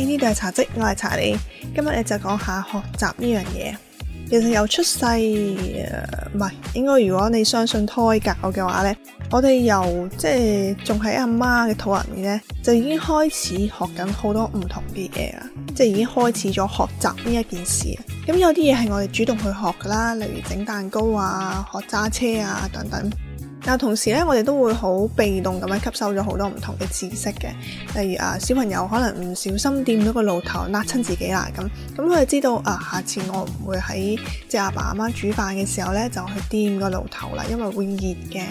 呢度係茶嘖，我係查理。今日咧就講下學習呢樣嘢。其實由出世唔係應該，如果你相信胎教嘅話咧，我哋由即係仲喺阿媽嘅肚入面咧，就已經開始學緊好多唔同嘅嘢啦。即係已經開始咗學習呢一件事。咁有啲嘢係我哋主動去學㗎啦，例如整蛋糕啊、學揸車啊等等。但同時咧，我哋都會好被動咁樣吸收咗好多唔同嘅知識嘅，例如啊，小朋友可能唔小心掂到個爐頭，焫親自己啦，咁咁佢知道啊，下次我唔會喺即係阿爸阿媽煮飯嘅時候咧，就去掂個爐頭啦，因為會熱嘅。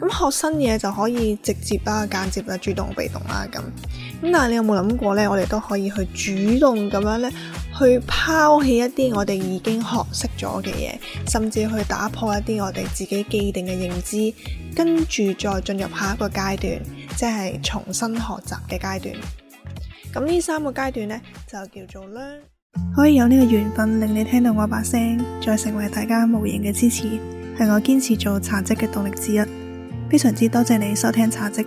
咁學新嘢就可以直接啦、間接啦、主動、被動啦咁。咁但係你有冇諗過咧？我哋都可以去主動咁樣咧，去拋棄一啲我哋已經學識咗嘅嘢，甚至去打破一啲我哋自己既定嘅認知，跟住再進入下一個階段，即係重新學習嘅階段。咁呢三個階段呢，就叫做啦。可以有呢個緣分令你聽到我把聲，再成為大家無形嘅支持，係我堅持做茶嘖嘅動力之一。非常之多謝你收聽茶嘖。